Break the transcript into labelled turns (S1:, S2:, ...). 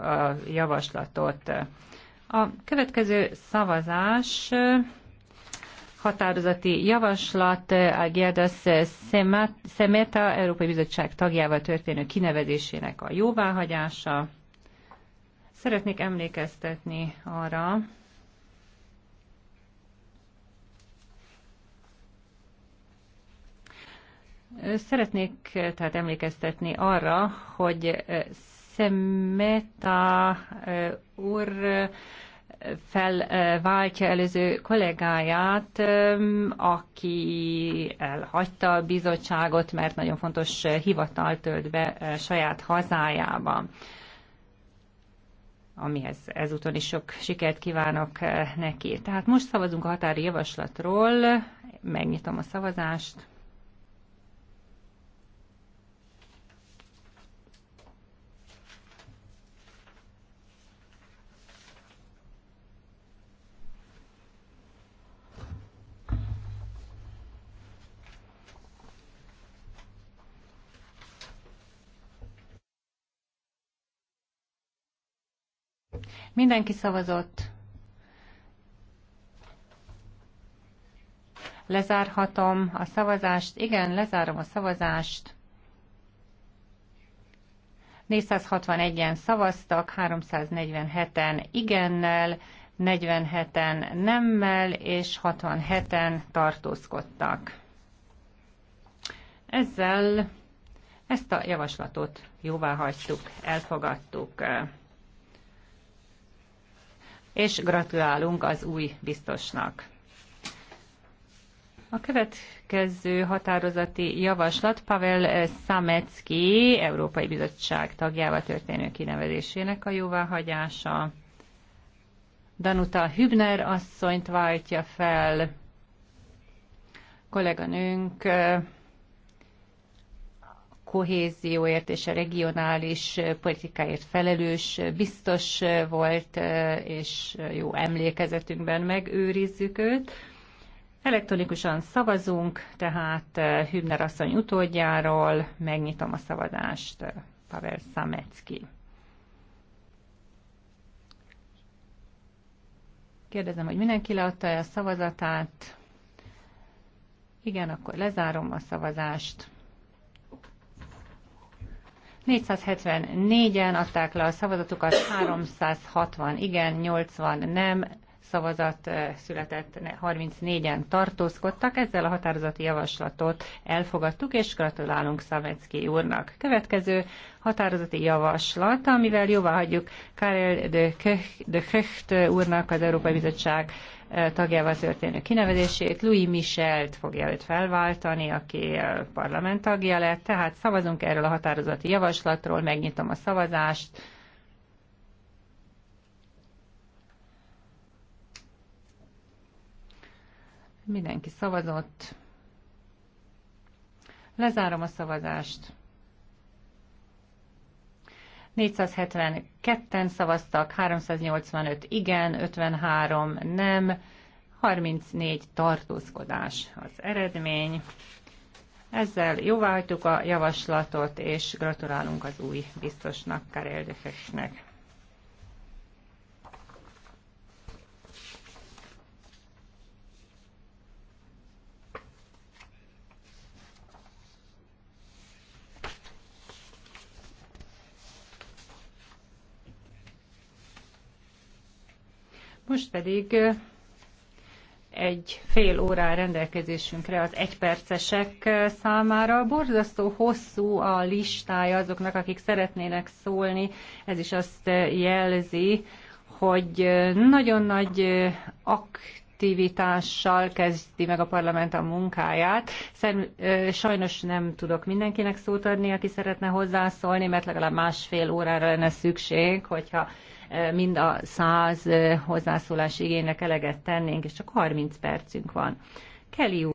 S1: a javaslatot. A következő szavazás eh, határozati javaslat eh, Agierdas Szemeta Európai Bizottság tagjával történő kinevezésének a jóváhagyása. Szeretnék emlékeztetni arra, eh, Szeretnék tehát emlékeztetni arra, hogy Szemeta úr felváltja előző kollégáját, aki elhagyta a bizottságot, mert nagyon fontos hivatal tölt be saját hazájában amihez ezúton is sok sikert kívánok neki. Tehát most szavazunk a határi javaslatról, megnyitom a szavazást. Mindenki szavazott. Lezárhatom a szavazást. Igen, lezárom a szavazást. 461-en szavaztak, 347-en igennel, 47-en nemmel, és 67-en tartózkodtak. Ezzel ezt a javaslatot jóvá hagytuk, elfogadtuk és gratulálunk az új biztosnak. A következő határozati javaslat Pavel Szamecki, Európai Bizottság tagjával történő kinevezésének a jóváhagyása. Danuta Hübner asszonyt váltja fel, kolléganőnk kohézióért és a regionális politikáért felelős biztos volt, és jó emlékezetünkben megőrizzük őt. Elektronikusan szavazunk, tehát Hübner asszony utódjáról megnyitom a szavazást, Pavel Szamecki. Kérdezem, hogy mindenki leadta-e a szavazatát? Igen, akkor lezárom a szavazást. 474-en adták le a szavazatukat, 360 igen, 80 nem szavazat született, 34-en tartózkodtak. Ezzel a határozati javaslatot elfogadtuk, és gratulálunk Szavecki úrnak. Következő határozati javaslat, amivel jóvá hagyjuk Karel de, Köcht úrnak az Európai Bizottság Eh, tagjával történő kinevezését. Louis Michelt fogja őt felváltani, aki eh, parlament tagja lett. Tehát szavazunk erről a határozati javaslatról, megnyitom a szavazást. Mindenki szavazott. Lezárom a szavazást. 472-en szavaztak, 385 igen, 53 nem, 34 tartózkodás az eredmény. Ezzel jóváltuk a javaslatot, és gratulálunk az új biztosnak, Karel Defeksnek. Most pedig egy fél órá rendelkezésünkre az egypercesek számára. Borzasztó hosszú a listája azoknak, akik szeretnének szólni. Ez is azt jelzi, hogy nagyon nagy aktivitás, aktivitással kezdi meg a parlament a munkáját. Sajnos nem tudok mindenkinek szót adni, aki szeretne hozzászólni, mert legalább másfél órára lenne szükség, hogyha mind a száz hozzászólás igénynek eleget tennénk, és csak 30 percünk van. Kelly úr.